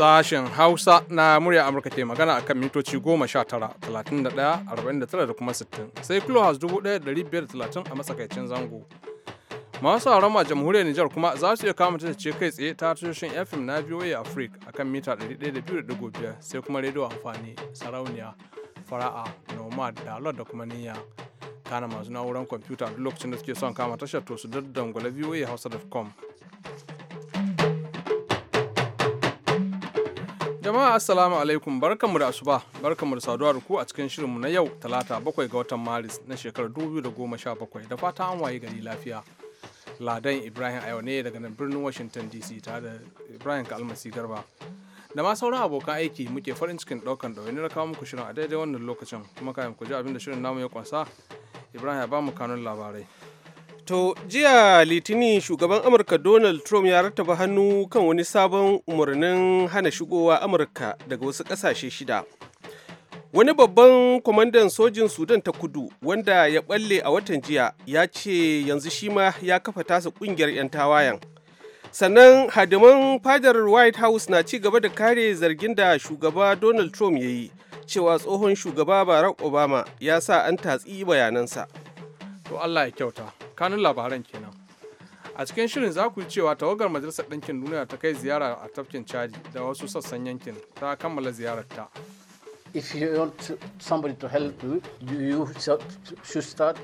Sashen Hausa na murya Amurka ke magana akan mitoci 19, 31, da kuma 60. Sai Kilohas 1530 a matsakaicin zango. Masu sauran a jamhuriyar Nijar kuma za su iya kama ta ce kai tsaye ta tashoshin FM na VOA Africa akan mita 102.5 sai kuma rediyo amfani sarauniya fara'a nomad da da kuma niyya. Kana masu na'urar kwamfuta duk lokacin da suke son kama tashar to su daddangwale voahausa.com Jama'a Assalamu alaikum barkanmu da asuba barkanmu da saduwa da ku a cikin shirinmu na yau talata bakwai ga watan Maris na shekarar 2017 da fata an waye gari lafiya. Ladan Ibrahim a ne daga birnin Washington DC tare da Ibrahim Kalmasi Garba. Da ma sauran abokan aiki muke farin cikin daukan wani kawo muku shirin a daidai wannan lokacin kuma kayan ku ji abin da shirin namu ya kwansa Ibrahim ya ba mu kanun labarai. To jiya litini shugaban Amurka Donald Trump ya rattaba hannu kan wani sabon umarnin hana shigowa Amurka daga wasu ƙasashe shida. Wani babban kwamandan sojin Sudan ta kudu wanda ya balle a watan jiya ya ce yanzu shi ma ya kafa tasa ƙungiyar 'yan tawayan Sannan hadiman fadar White House na ci gaba da kare zargin da shugaba Donald Trump ya yi cewa tsohon shugaba Barack Obama ya sa an tatsi bayanansa. To Allah ya kyauta. tsakanin labaran kenan a cikin shirin za ku yi cewa tawagar majalisar ɗinkin duniya ta kai ziyara a tafkin chadi da wasu sassan yankin ta kammala ziyarar if you want somebody to help you, you should start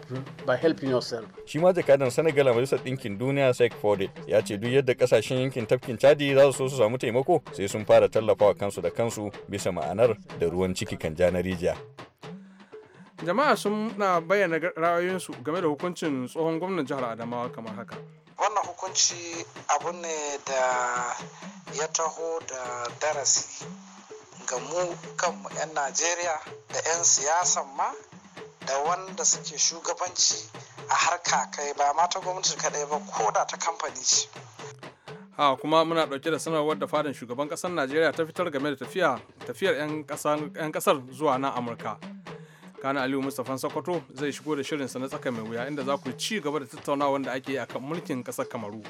by helping yourself. Shi ma jakadan Senegal a Majalisar Ɗinkin Duniya sec Fode ya ce duk yadda kasashen yankin tafkin Chadi za su so su samu taimako sai sun fara tallafawa kansu da kansu bisa ma'anar da ruwan ciki kan ja na rijiya. jama'a sun na bayyana ra'ayoyinsu game da hukuncin tsohon gwamnan jihar adamawa kamar haka wannan hukunci abu ne da ya taho da darasi ga mu kanmu 'yan najeriya da 'yan siyasan ma da wanda suke shugabanci a harka kai ba mata gwamnati kadai ba ko da ta kamfani ce ha kuma muna dauke da sanarwar da fadan shugaban ƙasar najeriya ta fitar game da tafiyar 'yan ƙasar zuwa na amurka kana aliyu mustapha sokoto zai shigo da shirinsa na tsaka mai wuya inda za ku ci gaba da tattaunawa wanda ake yi akan mulkin ƙasar kamaru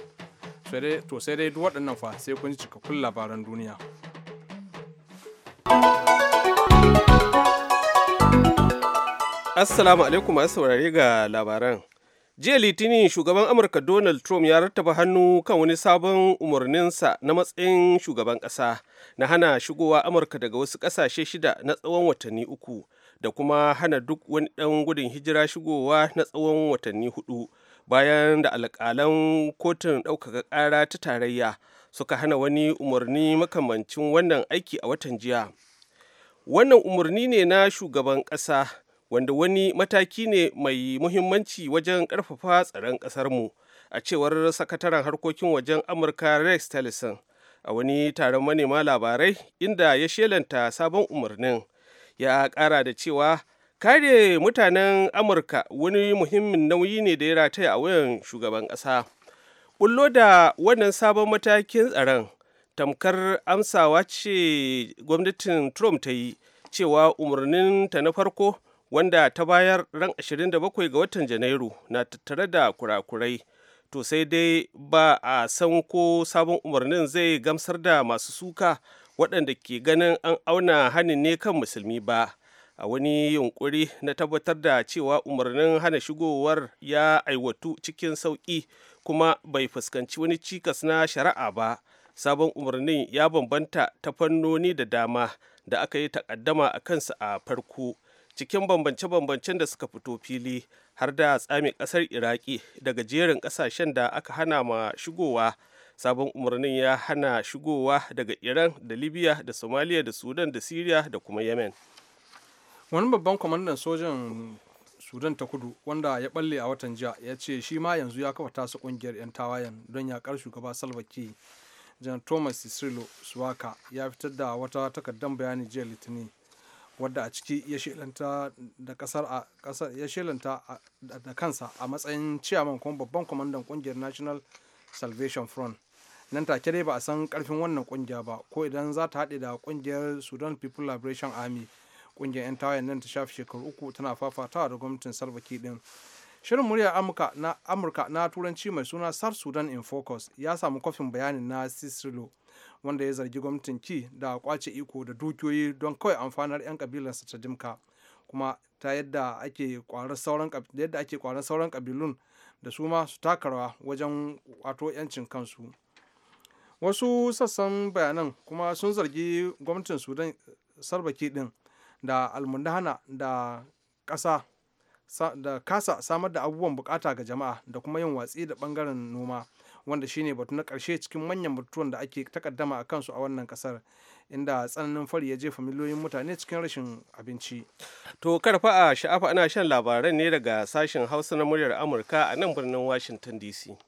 to sai dai duk waɗannan fa sai kun ji cikakkun labaran duniya assalamu alaikum masu saurare ga labaran jiya litinin shugaban amurka donald trump ya rattaba hannu kan wani sabon umarninsa na matsayin shugaban ƙasa na hana shigowa amurka daga wasu kasashe shida na tsawon watanni uku da kuma hana duk wani ɗan gudun hijira shigowa na tsawon watanni hudu bayan da alƙalan kotun ɗaukaka ƙara ta tarayya suka hana wani umarni makamancin wannan aiki a watan jiya wannan umarni ne na shugaban ƙasa wanda wani mataki ne mai muhimmanci wajen ƙarfafa tsaron ƙasarmu a cewar sakataren harkokin wajen amurka rex tillerson a wani taron manema labarai inda ya shelanta sabon umarnin ya kara da cewa kare mutanen amurka wani muhimmin nauyi ne da ya rataya a wayan shugaban ƙasa bullo da wannan sabon matakin tsaron tamkar amsawa ce gwamnatin trump ta yi cewa umarnin ta na farko wanda ta bayar ran 27 ga watan janairu na tattare da kurakurai to sai dai ba a san ko sabon umarnin zai gamsar da masu suka waɗanda ke ganin an auna hanin ne kan musulmi ba a wani yunkuri na tabbatar da cewa umarnin hana shigowar ya aiwatu cikin sauƙi kuma bai fuskanci wani cikas na shari'a ba sabon umarnin ya bambanta ta fannoni da dama da aka yi takaddama a kansa a farko cikin bambance-bambancen da suka fito fili har da tsami ƙasar iraki daga jerin ƙasashen da aka hana ma shigowa sabon umarnin ya hana shigowa daga iran da libya da somalia da sudan da syria da kuma yemen wani babban kwamandan sojan sudan ta kudu wanda ya balle a watan jiya ya ce shi ma yanzu ya kafa tasa kungiyar 'yan tawayen don yakar shugaba salva kiyi jan thomas sisilo suwaka ya fitar da wata takardar bayani jiya litinin wadda a ciki ya shelanta da ya shelanta da kansa a matsayin ciyaman kuma babban kwamandan kungiyar national salvation front nan take dai ba a san karfin wannan kungiya ba ko idan za ta haɗe da kungiyar sudan people liberation army kungiyar 'yan tawayen nan ta shafi shekaru uku tana fafatawa da gwamnatin sarvaki din shirin murya amurka na amurka na turanci mai suna sar sudan in focus ya samu kofin bayanin na sisrilo wanda ya zargi gwamnatin ki da kwace iko da dukiyoyi don kawai amfanar 'yan kabilarsa ta dimka kuma ta yadda ake kwarar sauran yadda ake kwarar sauran kabilun da su ma su taka rawa wajen wato 'yancin kansu wasu sassan bayanan kuma sun zargi gwamnatin sudan sarbaki din da almundana da kasa da kasa samar da abubuwan bukata ga jama'a da kuma yin watsi da bangaren noma wanda shine batu na karshe cikin manyan batutuwan da ake takaddama a kansu a wannan kasar inda tsananin fari ya jefa miliyoyin mutane cikin rashin abinci. To karfa a sha'afa ana shan labaran ne daga sashen hausa na muryar Amurka a nan birnin Washington DC.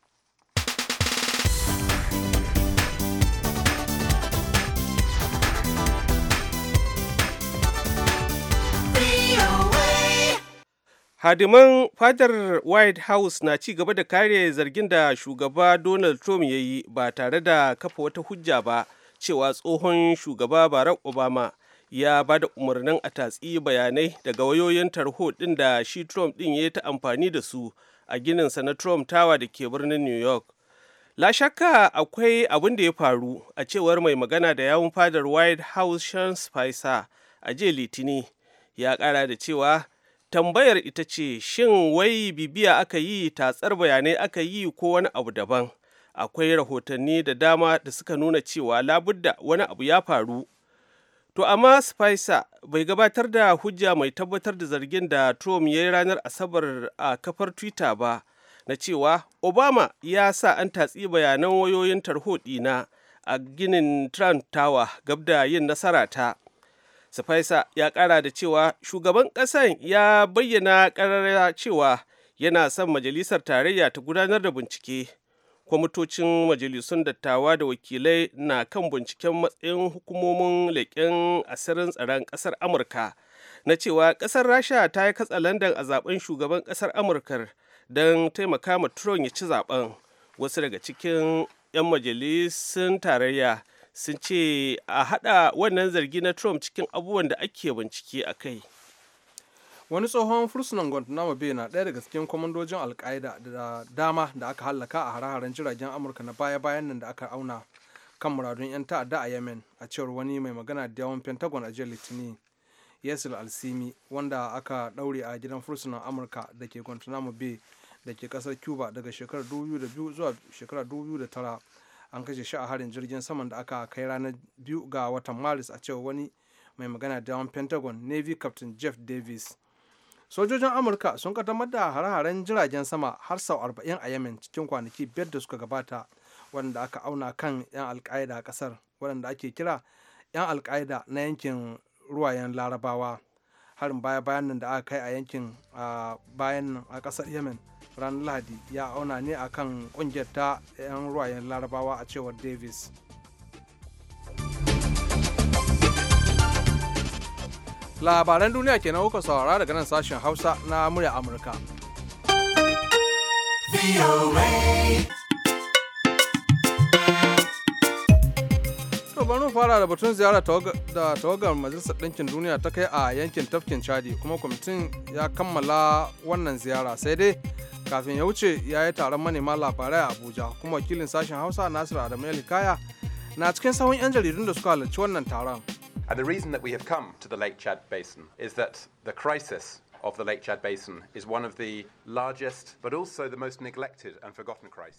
hadiman fadar white house na ci gaba da kare zargin da shugaba donald trump ya yi ba tare da kafa wata hujja ba cewa tsohon shugaba barack obama ya ba da umarnin a tatsi bayanai daga wayoyin tarho ɗin da shi trump ɗin ya ta amfani da su a gininsa na trump tawa da ke birnin new york la shakka akwai abin da ya faru a cewar mai magana da yawun fadar white house sean spicer a jiya litini ya kara da cewa tambayar ita ce shin wai bibiya aka yi tatsar bayanai aka yi ko wani abu daban akwai rahotanni da dama da suka nuna cewa labudda wani abu ya faru to amma spicer bai gabatar da hujja mai tabbatar da zargin da trump ya yi ranar asabar a kafar twitter ba na cewa obama ya sa an tatsi bayanan wayoyin tarho ɗina a ginin trump tower gab yin nasara ta Sufaisa ya ƙara da cewa shugaban ƙasar ya bayyana ƙarara cewa yana son majalisar tarayya ta gudanar da bincike. Kwamitocin majalisun dattawa da wakilai na kan binciken matsayin hukumomin leƙen asirin tsaron ƙasar Amurka na cewa ƙasar Rasha ta yi katsa katsalandan a zaben shugaban ƙasar amurka don taimaka ma Trump ya ci zaben. Wasu daga cikin 'yan majalisun tarayya sun ce a hada wannan zargi na trump cikin abubuwan da ake bincike a kai wani tsohon fursunan guantanamo bay na ɗaya daga cikin kwamandojin alkaida da dama da aka hallaka a hare-haren jiragen amurka na baya-bayan nan da aka auna kan muradun 'yan ta'adda a yemen a cewar wani mai magana da yawan pentagon a jiya litinin yasil alsimi wanda aka ɗaure a gidan fursunan amurka da ke guantanamo bay da ke ƙasar cuba daga shekarar 2002 zuwa shekarar 2009 an kashe shi a harin jirgin saman da aka kai ranar biyu ga watan maris a cewa wani mai magana da pentagon navy captain jeff davis sojojin amurka sun kaddamar da hare-haren jiragen sama har sau 40 a yemen cikin kwanaki biyar da suka gabata wadanda aka auna kan 'yan alka'ida a kasar wadanda ake kira 'yan alka'ida na yankin ruwayen larabawa harin baya bayan nan da aka kai a yankin a bayan a kasar yemen ranar lahadi ya auna ne akan kungiyar ta 'yan ruwayen larabawa a cewar davis labaran duniya ke na kuka saurara daga nan sashen hausa na murya amurka labarin mu fara da batun ziyara da tawagar majalisar ɗinkin duniya ta kai a yankin tafkin chadi kuma kwamitin ya kammala wannan ziyara sai dai kafin ya wuce ya yi taron manema labarai a abuja kuma wakilin sashen hausa nasiru adamu kaya na cikin sahun 'yan jaridun da suka halarci wannan taron the reason that we have come to the Lake Chad Basin is that the crisis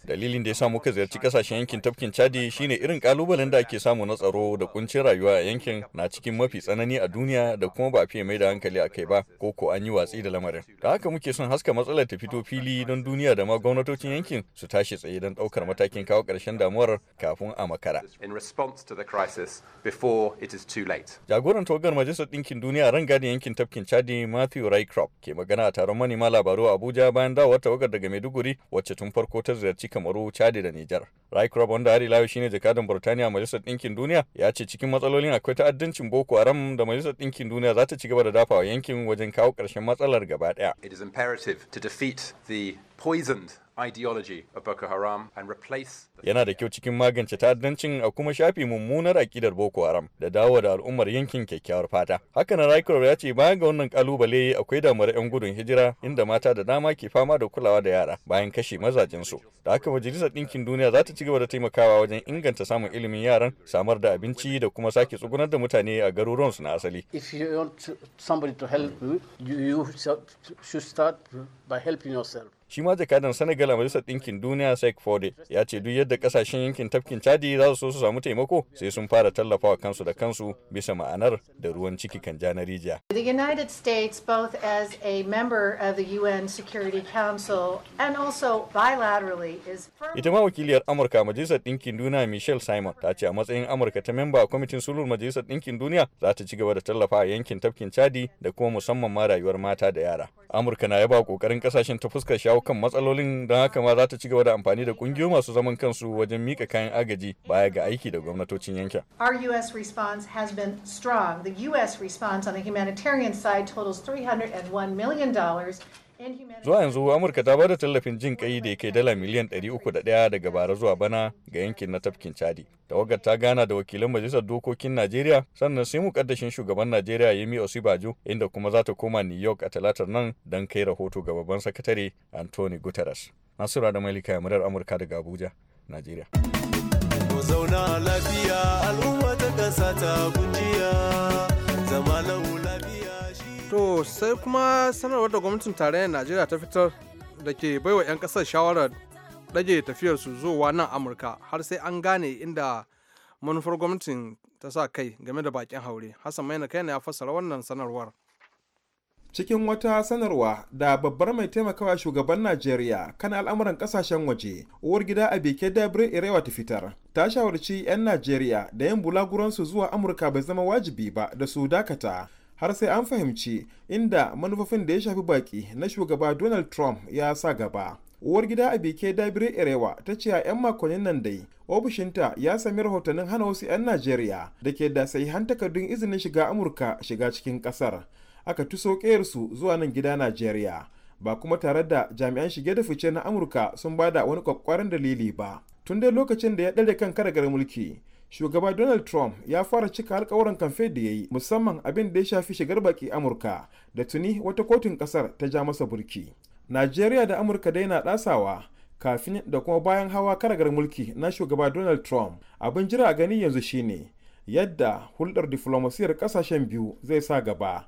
Dalilin da ya sa muka ziyarci kasashen yankin tafkin Chadi shine irin kalubalen da ake samu na tsaro da kuncin rayuwa a yankin na cikin mafi tsanani a duniya da kuma ba a fiye mai da hankali a kai ba ko ko an yi watsi da lamarin. Da haka muke son haska matsalar ta fito fili don duniya da ma gwamnatocin yankin su tashi tsaye don daukar matakin kawo karshen damuwar kafin a makara. Jagoran tawagar Majalisar Ɗinkin Duniya a rangadin yankin tafkin Chadi Matthew Rycroft Trump ke magana a taron manema labaru a Abuja bayan dawowar tawagar daga Maiduguri wacce tun farko ta ziyarci Kamaru, Chad da Nijar. Rycroft wanda har ila shine jakadan Burtaniya a Majalisar Ɗinkin Duniya ya ce cikin matsalolin akwai ta'addancin Boko Haram da Majalisar Ɗinkin Duniya za ta ci gaba da dafawa yankin wajen kawo karshen matsalar gaba ɗaya. It is imperative to defeat the poisoned ideology of Boko Haram and replace Yana da kyau cikin magance ta'addancin a kuma shafi mummunar akidar Boko Haram da dawo da al'ummar yankin kyakkyawar fata. Haka na Raikor ya ce bayan ga wannan kalubale akwai damar 'yan gudun hijira inda mata da dama ke fama da kulawa da yara bayan kashe su Da haka Majalisar Ɗinkin Duniya za ta ci gaba da taimakawa wajen inganta samun ilimin yaran, samar da abinci da kuma sake tsugunar da mutane a su na asali. If you want somebody to help you, you should start by helping yourself. shi ma jakadan senegal a majalisar ɗinkin duniya sec fode ya ce duk yadda kasashen yankin tafkin chadi za su so su samu taimako sai sun fara tallafawa kansu da kansu bisa ma'anar da ruwan ciki kan ja na rijiya the united states both as a member of the un security council and also bilaterally is ita ma wakiliyar amurka majalisar ɗinkin duniya michelle simon ta ce a matsayin amurka ta memba kwamitin sulhun majalisar ɗinkin duniya za ta ci gaba da tallafa a yankin tafkin chadi da kuma musamman ma rayuwar mata da yara amurka na yaba kokarin kasashen ta fuskar shawo matsalolin don haka ma za ta ci gaba da amfani da kungiyoyi masu zaman kansu wajen mika kayan agaji baya ga aiki da gwamnatocin yankin. Our US response has been strong. The US response on the humanitarian side totals $301 million Zuwa yanzu Amurka ta ba da tallafin jin kai da yake dala miliyan 301 daga bara zuwa bana ga yankin na tafkin Chadi. Tawagar ta gana da wakilan majalisar dokokin Najeriya sannan sai mukaddashin shugaban Najeriya Yemi Osibajo inda kuma za ta koma New York a talatar nan don kai rahoto ga babban sakatare Anthony Guterres. Nasura da Malika murar Amurka daga Abuja, Najeriya. lafiya al'umma ta to sai kuma sanarwar da gwamnatin tarayyar najeriya ta fitar da ke baiwa 'yan kasar shawarar tafiyar tafiyarsu zuwa nan amurka har sai an gane inda manufar gwamnatin ta sa kai game da bakin haure hassan maina kaina ya fassara wannan sanarwar cikin wata sanarwa da babbar mai taimakawa shugaban najeriya kan al'amuran kasashen waje uwar gida a beke dabirin irewa ta fitar ta shawarci 'yan najeriya da yin bulaguransu zuwa amurka bai zama wajibi ba da su dakata har sai an fahimci inda manufofin da ya shafi baki na shugaba donald trump ya sa gaba uwar gida a bike dabire erewa ta ce a 'yan makonnin nan dai ofishinta ya sami rahotannin hana wasu 'yan najeriya da ke da sahihan takardun izinin shiga amurka shiga cikin kasar aka tuso su zuwa nan gida najeriya ba kuma tare da jami'an shige da fice na amurka sun bada wani kwakwaran dalili ba tun dai lokacin da ya ɗare kan karagar mulki shugaba donald trump ya fara cika alkawuran kamfe da ya yi musamman abin da ya shafi shigar baki amurka da tuni wata kotun kasar ta ja masa burki najeriya da amurka dai na ɗasawa kafin da kuma bayan hawa karagar mulki na shugaba donald trump abin jira a gani yanzu shine yadda hulɗar diflomasiyar ƙasashen biyu zai sa gaba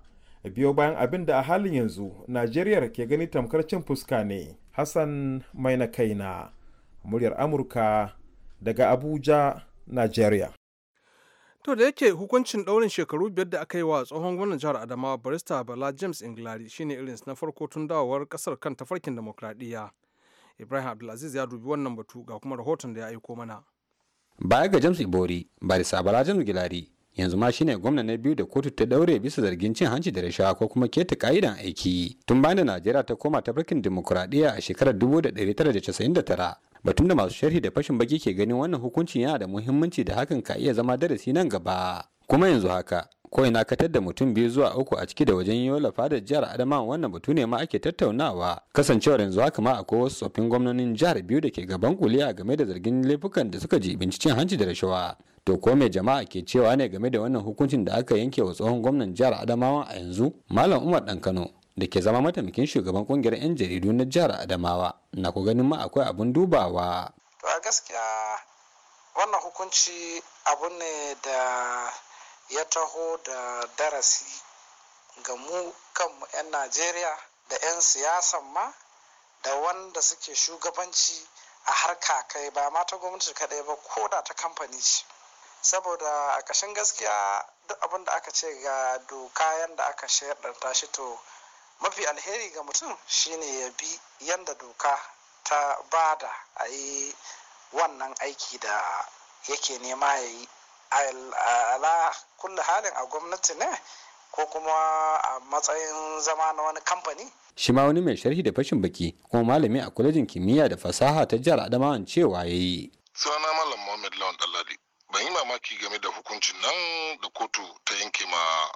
biyo bayan abin da a halin yanzu najeriya ke gani tamkar cin fuska ne hassan mai kaina muryar amurka daga abuja Najeriya. To da yake hukuncin ɗaurin shekaru biyar da aka yi wa tsohon gwamnan jihar Adamawa barista Bala James Inglari shine irin na farko tun dawowar kasar kan tafarkin demokradiyya. Ibrahim Abdulaziz ya dubi wannan batu ga kuma rahoton da ya aiko mana. Baya ga James Ibori, barista Bala James Gilari yanzu ma shine gwamna na biyu da kotu ta daure bisa zargin cin hanci da rashawa ko kuma keta ka'idan aiki tun bayan da najeriya ta koma ta farkin a shekarar 1999 batun da masu sharhi da fashin baki ke ganin wannan hukuncin yana da muhimmanci da hakan ka iya zama darasi nan gaba kuma yanzu haka ko ina katar da mutum biyu zuwa uku a ciki da wajen yola fada jihar adama wannan batu ne ma ake tattaunawa kasancewar yanzu haka ma akwai wasu tsoffin gwamnonin jihar biyu da ke gaban kuliya game da zargin laifukan da suka jibinci cin hanci da rashawa to ko mai jama'a ke cewa ne game da wannan hukuncin da aka yanke wa tsohon gwamnan jihar adamawa a yanzu malam umar dan kano da ke zama mataimakin shugaban kungiyar 'yan jaridu na jihar adamawa na ku ganin ma akwai abun dubawa to a gaskiya wannan hukunci abu ne da ya taho da darasi ga mu kanmu 'yan najeriya da 'yan siyasan ma da wanda suke shugabanci a harka kai ba ma ta gwamnati kaɗai ba ko da ta kamfani ce saboda a ƙashin gaskiya duk abin da aka ce ga doka yadda aka shaidanta shi to mafi alheri ga mutum shine ya bi yadda doka ta bada a yi wannan aiki da yake nema ya yi ala kulle halin a gwamnati ne ko kuma a matsayin zama na wani kamfani shi ma wani mai sharhi da fashin baki kuma malami a kwalejin kimiyya da fasaha ta jihar an cewa ya yi sunana malam muhammad lawan dalladi ban yi mamaki game da hukuncin nan da kotu ta yanke ma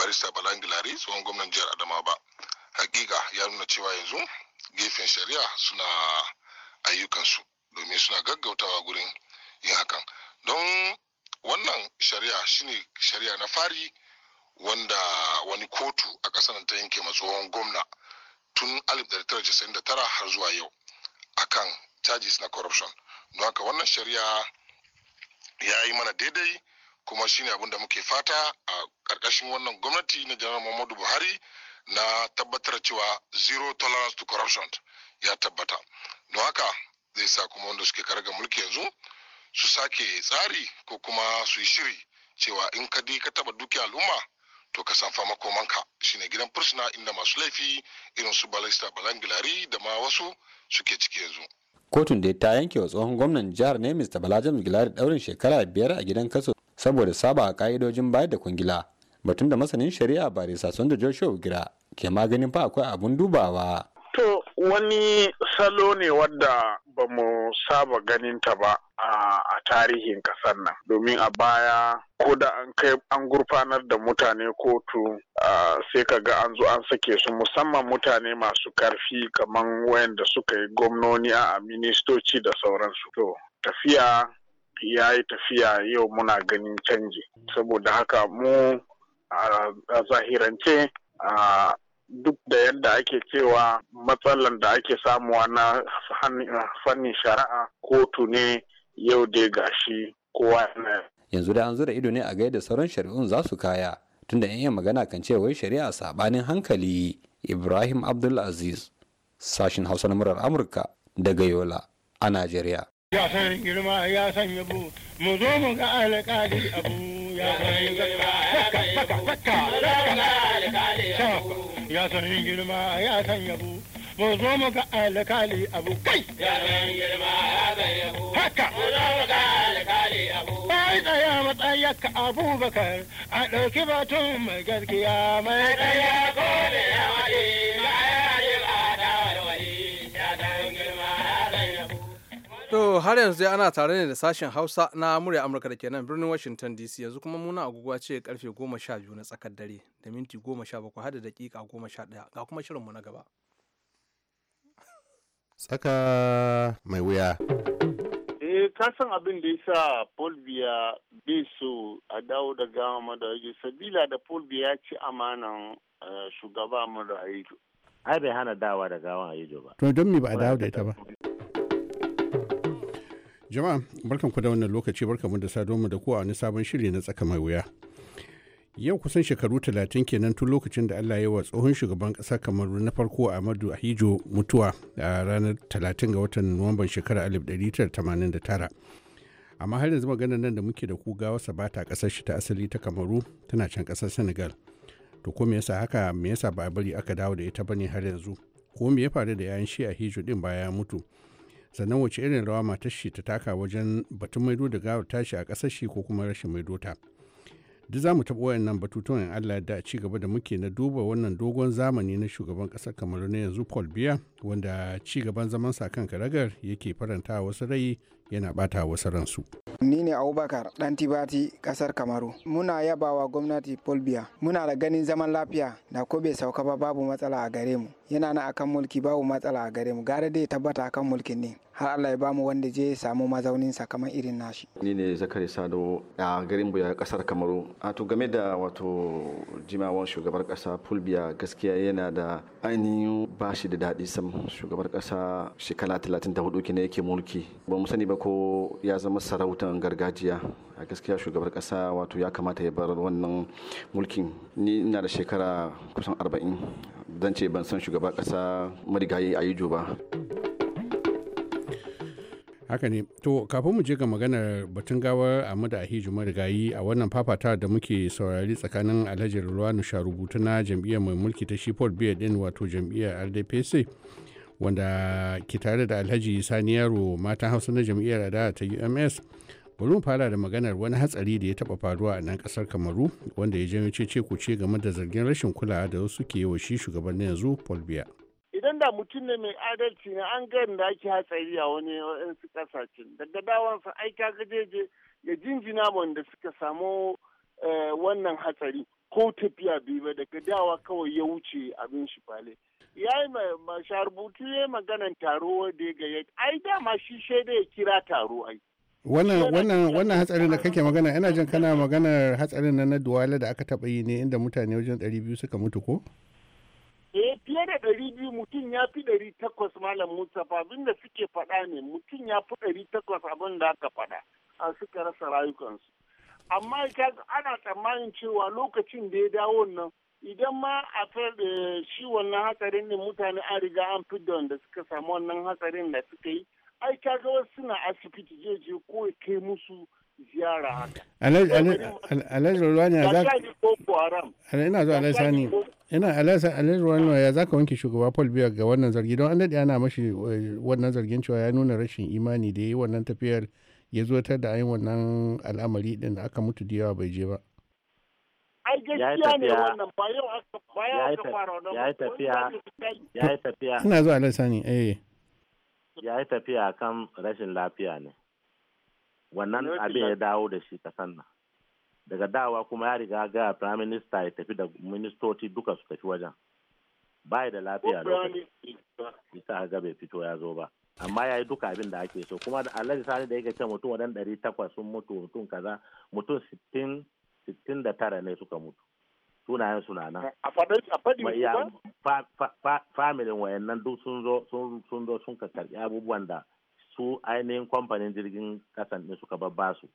barista lari tsohon gwamnan jihar adama ba hakika ya nuna cewa yanzu gefen shari'a suna ayyukansu domin suna gaggautawa gurin yin hakan don wannan shari'a shine shari'a na fari wanda wani kotu a ƙasar ta yanke tsohon gwamna tun 1999 har zuwa yau akan charges na corruption don haka wannan shari'a ya yi mana daidai kuma shine abin da muke fata a ƙarƙashin wannan gwamnati na janar muhammadu buhari na tabbatar cewa zero tolerance to corruption ya tabbata don haka zai sa kuma wanda suke karga mulki yanzu su sake tsari ko kuma su yi shiri cewa in ka ka taba dukiya al'umma to ka san fama komanka shine gidan fursuna inda masu laifi irin su balista gilari da ma wasu suke ciki yanzu kotun da ta yanke wa tsohon gwamnan jihar ne mr balajan gilari daurin shekara biyar a gidan kaso saboda saba a ka'idojin bayar da kwangila batun da masanin shari'a barisa sun da joshua gira ke maganin fa akwai abun dubawa to wani salo ne wadda ba mu saba ganin ta ba a tarihin kasar nan domin a baya ko da an kai an gurfanar da mutane kotu sai ka ga an zo an sake su musamman mutane masu karfi kamar wayanda suka yi gwamnoni a ministoci da sauransu to tafiya ya yi tafiya yau muna ganin canji saboda haka mu a zahirance duk da yadda ake cewa matsalan da ake samuwa na fannin shari'a kotu ne yau dai gashi kowa yanzu da an zura ido ne a ga yadda sauran shari'un za su kaya tunda yan yin magana kan ce wai shari'a sabanin hankali ibrahim abdulaziz sashin hausa na murar amurka daga yola a najeriya ya san girma ya san yabo mu zo mu ga alƙali abu ya san girma ya san yabo ya san girma ya san yabo mu zo mu ga alƙali abu kai ya san girma ya san yabo haka mu zo mu ga alƙali abu bai tsaya matsayaka abubakar a ɗauki batun mai gaskiya mai tsaya ko da ya waje To har yanzu ana tare ne da sashen Hausa na murya Amurka da ke nan birnin Washington DC yanzu kuma muna agogo ce karfe 12 na tsakar dare da minti 17 har da dakika 11 ga kuma shirinmu na gaba. Tsaka mai wuya. Eh ka san abin da yasa Paul Biya bai so a dawo da gama da yake sabila da Paul Biya ci amanan eh, shugaba mu da Ai bai hana dawa da gawan Ayijo ba. To don me ba a dawo da ita ba? Jama'a ku da wannan lokaci mu da sado mu da ku a wani sabon shiri na tsaka mai wuya. Yau kusan shekaru talatin kenan tun lokacin da Allah ya wa tsohon shugaban ƙasa Kamaru na farko Ahmadu Ahijo mutuwa a ranar talatin ga watan Nuwamban shekara alif da tara. Amma har yanzu maganar nan da muke da ku ba ta ƙasar shi ta asali ta Kamaru tana can ƙasar Senegal. to ko me yasa haka me yasa ba a bari aka dawo da ita ba ne har yanzu ko me ya faru da yayan shi a din baya ya mutu sannan wace irin rawa matar shi ta taka wajen batun maido da gawar tashi a ƙasar shi ko kuma rashin maido ta duk za mu taɓa wayannan batutuwan in Allah da ci gaba da muke na duba wannan dogon zamani na shugaban ƙasar kamar na yanzu Paul Biya wanda ci gaban zaman sa kan karagar yake faranta wasu rai yana bata wasu ransu. Ni ne Abubakar ɗan Tibati ƙasar Kamaru. Muna yabawa gwamnati Folbiya. Muna da ganin zaman lafiya da ko bai sauka ba babu matsala a gare mu. Yana na akan mulki babu matsala a gare mu. Gara dai tabbata akan mulkin ne. Har Allah ya ba mu wanda je ya samu mazaunin sa kamar irin nashi. Ni ne Zakari Sado a garin Buya ƙasar Kamaru. A to game da wato jimawan shugabar ƙasa Fulbiya gaskiya yana da ainihin bashi da daɗi sam shugabar ƙasa shekara 34 kenan yake mulki. Ba mu sani ba ko ya zama sarautan gargajiya a gaskiya shugabar kasa wato ya kamata ya bar wannan mulkin ni ina da shekara kusan arba'in zan ce ban san shugabar kasa marigayi a yi ba haka ne to kafin mu je ga maganar batun gawar ahmadu ahiju marigayi a wannan fafata da muke saurari tsakanin alhaji ruwanu rubutu na jam'iyyar mai mulki ta shepard biyar din wato jam'iyyar rdpc wanda ke tare da alhaji sani yaro matan hausa na jam'iyyar adawa ta ums bari mu fara da maganar wani hatsari da ya taba faruwa a nan kasar kamaru wanda ya janyo cece ce game da zargin rashin kulawa da wasu ke wa shi shugaban na yanzu paul biya idan da mutum ne mai adalci ne an ga da ake hatsari a wani waɗansu kasashen daga dawansa aika gajeje ya jinjina wanda suka samu eh, wannan hatsari ko tafiya biyu ba daga dawa kawai ya wuce abin shi fale ya yi masharbutu ya yi maganan taro wanda ya gaya ai dama shi shaida ya kira taro ai wannan hatsarin da kake magana yana jin kana maganar hatsarin na na duwala da aka taba yi ne inda mutane wajen 200 suka mutu ko eh fiye da ɗari biyu mutum ya fi ɗari takwas malam mustafa abin da suke faɗa ne mutum ya fi ɗari takwas abin da aka faɗa a suka rasa rayukansu amma ana tsammanin cewa lokacin da ya dawo nan idan ma a eh, shi wannan hatsarin ne mutane an riga an fidda wanda suka samu wannan hatsarin da suka yi ai ga wasu suna asibiti je je ko ya kai musu ziyara haka alhaji ina alasa alhaji ya za wanke shugaba paul biya ga wannan zargi don an daɗe ana mashi eh, wannan zargin cewa ya nuna rashin imani da ya yi wannan tafiyar ya zo ta da ayin wannan al'amari din da aka mutu da yawa bai je ba ya yi tafiya ina eh. kan rashin lafiya ne wannan abin ya dawo da shi kasan nan daga dawa kuma ya riga ga prime minister ya tafi da ministoci duka su tafi wajen bai da lafiya lokacin isa ga bai fito ya zo ba amma ya yi duka abin da ake so kuma da alhaji sani da yake ce mutum wadan ɗari takwas sun mutu mutum kaza mutum sittin da tara ne suka mutu sunayen suna nan familin wayannan duk sun zo sun zo sun karɓi abubuwan da su ainihin kamfanin jirgin kasan ne suka babba su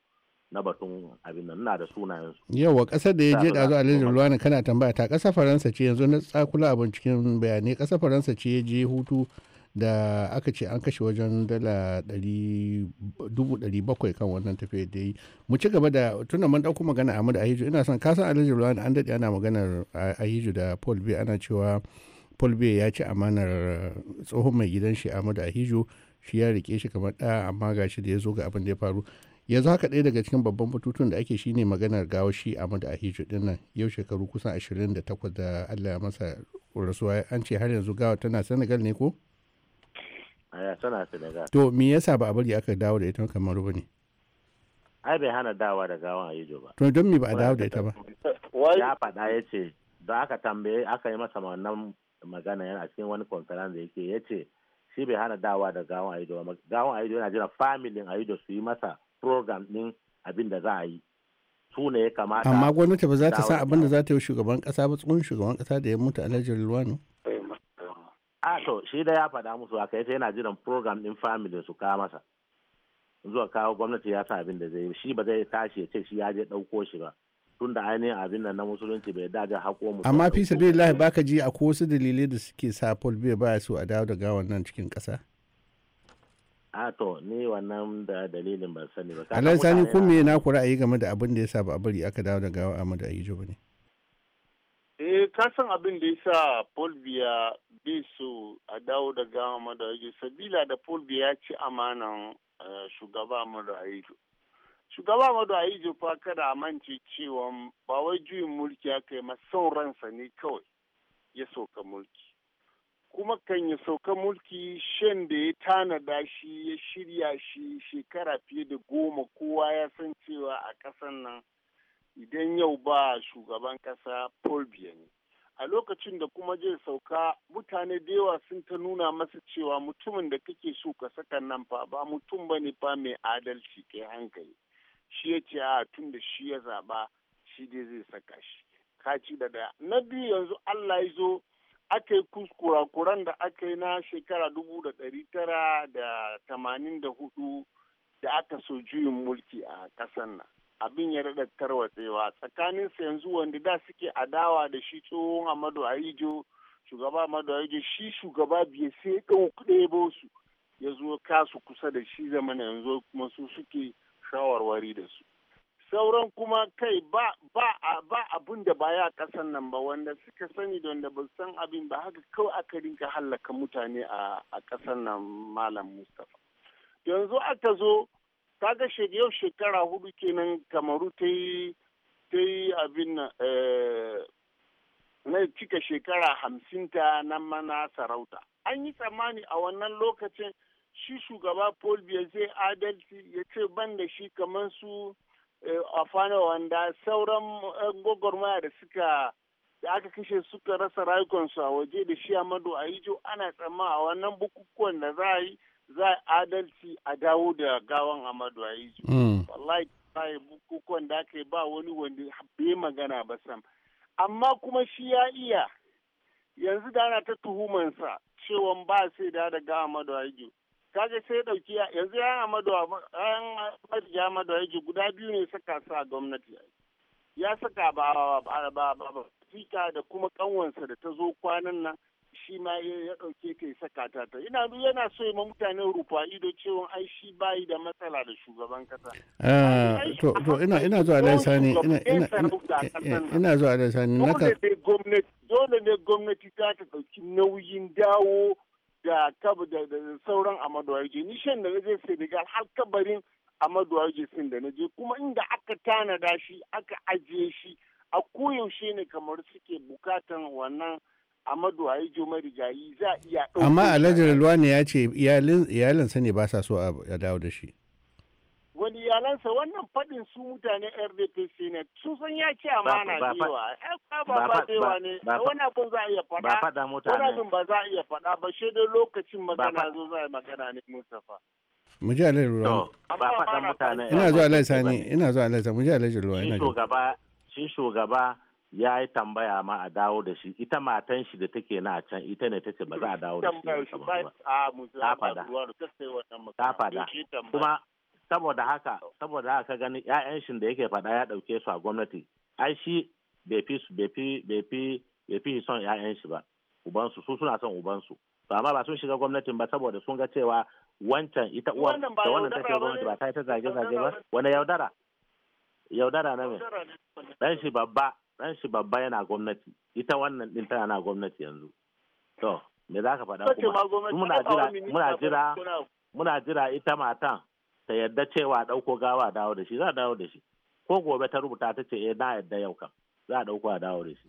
na batun abin nan na da sunayen su yawa kasar da ya je dazu alhaji ruwani kana tambaya ta kasar faransa ce yanzu na tsakula a binciken bayanai kasar faransa ce ya je hutu da aka ce an kashe wajen dala bakwai kan wannan tafiya da yi mu ci gaba da tuna man dauku magana Ahmad Ahiju ina son kasan Alhaji Rulani an dade ana maganar Ahiju da Paul b ana cewa Paul b ya ci amanar eh, tsohon mai gidan shi amadu Ahiju shi ya rike shi kamar da amma gashi da ya zo ga abin da ya faru yanzu haka ɗaya daga cikin babban batutun da ake shine maganar gawa shi amadu Ahiju ɗin nan yau shekaru kusan 28 da Allah ya masa rasuwa an ce har yanzu gawa tana Senegal ne ko tana Senegal. To me yasa ba a bari aka dawo da ita kamar ruba ne? Ai bai hana dawa da gawan Ayijo ba. To don me ba a dawo da ita ba? Ya faɗa ya ce da aka tambaye aka yi masa wannan magana yana a cikin wani konferan da yake ya ce shi bai hana dawa da gawan Ayijo ba. Gawan Ayijo yana jira familin Ayijo su yi masa program din abin da za a yi. Su ne ya kamata. Amma gwamnati ba za ta sa abin da za ta yi shugaban kasa ba tsohon shugaban kasa da ya mutu Alhaji Rilwano. a to shi da ya faɗa musu haka yace yana jiran program din family su kawo masa zuwa kawo gwamnati ya sa abin da zai shi ba zai tashi ya ce shi ya je ɗauko shi ba tun da ainihin abin nan na musulunci bai dace hako mu amma fi sabilillahi baka ji a wasu dalilai da suke sa Paul bai baya so a dawo da gawan nan cikin ƙasa a to ni wannan da dalilin ban sani ba alai Sani kun me na ku ra'ayi game da abin da ya sa ba a bari aka dawo da gawa ayi Ayijo ne Eh, kasan abin da yasa Paul Biya bai so a dawo da gama da yake sabila da Paul Biya ya ci amanan eh, shugaba Amadu Ayijo. Shugaba Amadu Ayijo fa kada a mance cewa ba wai juyin mulki ya kai son ransa ne kawai ya soka mulki. Kuma kan ya sauka mulki shan da ya tanada shi ya shirya shi shekara fiye da goma kowa ya san cewa a ƙasan nan idan yau ba shugaban kasa Paul Biya a lokacin da kuma zai sauka mutane da yawa sun ta nuna masa cewa mutumin da kake so ka saka nan fa ba mutum ba ne fa mai adalci kai hankali shi ya ce a tun da shi ya zaba shi dai zai saka shi ka ci da daya na biyu yanzu allah ya zo aka yi kuskurakuran da aka yi na shekara dubu da ɗari tara da tamanin da hudu da aka so juyin mulki a ƙasar nan abin ya daɗa tarwatsewa tsakanin sa yanzu wanda da suke adawa da shi tsohon Amadu Ayijo shugaba Amadu Ayijo shi shugaba biye sai ɗan kuɗe su ya zo kasu kusa da shi zamana yanzu kuma su suke shawarwari da su. Sauran kuma kai ba ba abin da baya kasan nan ba wanda suka sani da wanda ba san abin ba haka kawai aka rinka hallaka mutane a kasan nan Malam Mustapha. Yanzu aka zo kaga yau shekara hudu kenan kamaru ta yi abin eh, na cika shekara hamsinta na mana sarauta an yi tsammani a wannan lokacin shi shugaba paul biya zai adalci ya ce ban da shi kamar su eh, afana wanda sauran gwagwarmaya da suka da aka kashe suka rasa rayukansu a waje da shi a ana tsamma a wannan bukukuwan da za a yi za adalci a dawo da gawan Hamadu Aiju. Hmm. Wallahi yi bukukuwan da aka yi ba wani wanda bai magana ba sam. Amma kuma shi ya iya yanzu da ana ta tuhumansa cewa ba sai da da gawa Hamadu Aiju. Kaga sai dauki yanzu ya Hamadu ya Hamadu Aiju guda biyu ne saka sa gwamnati. Ya saka ba ba ba ba da kuma kanwansa da ta zo kwanan nan shi ma ya ɗauke ta ya saka ta ta ina bi yana so ma mutanen rufa ido cewa ai shi bayi da matsala da shugaban kasa ah, to ina ina zuwa da sani ina ina ina zuwa da sani dole ne gwamnati dole ne gwamnati ta ta ɗauki nauyin dawo da kaba da sauran Amadu Ayoje ni shan da zai Senegal har kabarin Amadu Ayoje sin da naje kuma inda aka tanada shi aka ajiye shi a koyaushe ne kamar suke bukatan wannan Amadu Ayi Jomai jayi za a iya ɗauka. Amma Alhaji Rilwani ya ce iyalinsa ne ba sa so a dawo da shi. Wani iyalansa wannan faɗin su mutane RDPC ne su sun ya ce amana dewa. Ba ba cewa eh, ne wani abu za a iya faɗa. Wani abu ba za a iya faɗa ba shi dai lokacin magana zo za a yi magana ne Mustapha. mu ji alai ruwa ba mutane ina zuwa alai sani ina zuwa alai sani mu ji ruwa shi shugaba shi shugaba ya yi tambaya ma a dawo da shi ita matan shi da take na can ita ne tace ba za a dawo da shi ta fada ta fada kuma saboda haka saboda haka gani ƴaƴan shi da yake fada ya dauke su a gwamnati ai shi bai fi bai fi bai fi bai fi son ƴaƴan shi ba ubansu su suna son ubansu to amma ba sun shiga gwamnatin ba saboda sun ga cewa wancan ita uwa da wannan take gwamnati ba ta yi ta zage zage ba wani yaudara yaudara na me dan shi babba ɗan shi babba yana gwamnati ita wannan ɗin tana na gwamnati yanzu to me za ka faɗa kuma muna jira muna jira muna jira ita matan ta yadda cewa ɗauko gawa dawo da shi za dawo da shi ko gobe ta rubuta ta ce eh na yadda yau kam za a dauko a dawo da shi.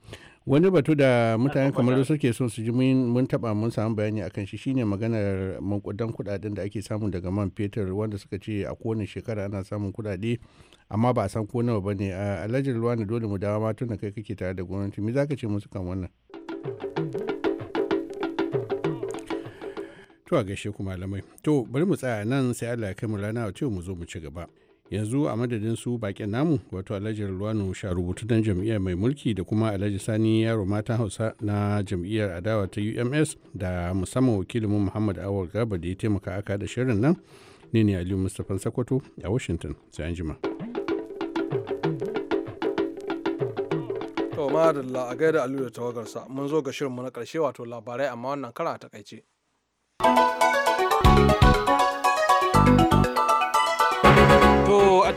Wani batu da mutane kamar da suke son su ji mun taɓa mun samu bayani akan shi shine maganar mankudan kuɗaɗen da ake samu daga man fetur wanda suka ce a kowane shekara ana samun kudade amma ba a san ko nawa bane a alhaji ruwa dole mu dawo ma tun da kai kake tare da gwamnati me zaka ce musu kan wannan. To a gaishe ku malamai. To bari mu tsaya nan sai Allah ya kai mu rana a ce mu zo mu ci gaba. yanzu a madadin su bakin namu wato alhaji ruwanu sha rubutu don jam'iyyar mai mulki da kuma alhaji sani yaro mata hausa na jam'iyyar adawa ta ums da musamman wakilinmu muhammad awal garba da ya taimaka aka da shirin nan ne ne aliyu mustapha sakwato a washington sai an jima to ma a gaida aliyu da tawagarsa mun zo ga shirinmu na karshe wato labarai amma wannan kara a takaice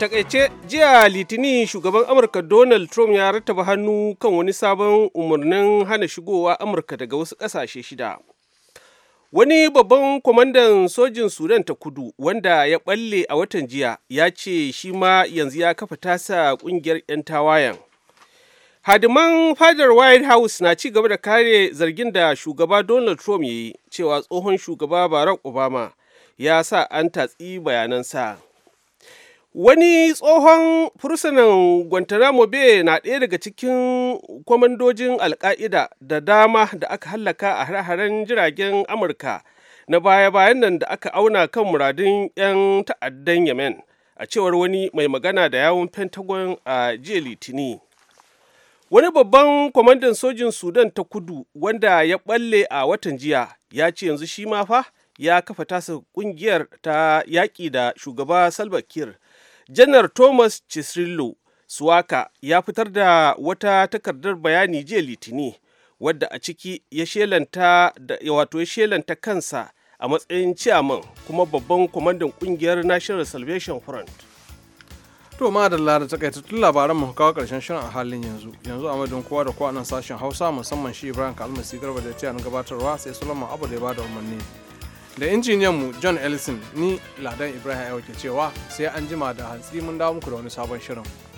takaice jiya litinin shugaban amurka donald trump ya rattaba hannu kan wani sabon umarnin hana shigowa amurka daga wasu kasashe shida wani babban kwamandan sojin sudan ta kudu wanda ya balle a watan jiya ya ce shi ma yanzu ya kafa tasa kungiyar 'yan tawayen hadiman fadar white house na ci gaba da kare zargin da shugaba donald trump ya yi cewa tsohon shugaba barack obama ya sa an tatsi bayanansa Wani tsohon fursunan Guantanamo Bay na ɗaya daga cikin kwamandojin Alka'ida da dama da aka hallaka a hare-haren jiragen Amurka na baya-bayan nan da aka auna kan muradun 'yan ta'addan Yemen, a cewar wani mai magana da yawon Pentagon a jiya Litini. Wani babban kwamandan sojin Sudan ta kudu wanda ya ɓalle a watan jiya ya ce yanzu shi ma fa ya kafa tasa ƙungiyar ta yaƙi da shugaba Salva janar thomas chisrillo suwaka ya fitar da wata takardar bayani jiya litini wadda a ciki ya shelanta wato ya shelanta kansa a matsayin ciyaman kuma babban kwamandan kungiyar national salvation front to ma da kai takaitattun labaran mu kawo karshen shirin a halin yanzu yanzu a madadin kowa da kowa nan sashen hausa musamman shi ibrahim kalmasi garba da tiyan gabatarwa sai solomon abu da ya bada umarni da injiniyan mu john ellison ni ladan ibrahim ke cewa sai an jima da hantsi mun dawo muku da wani sabon shirin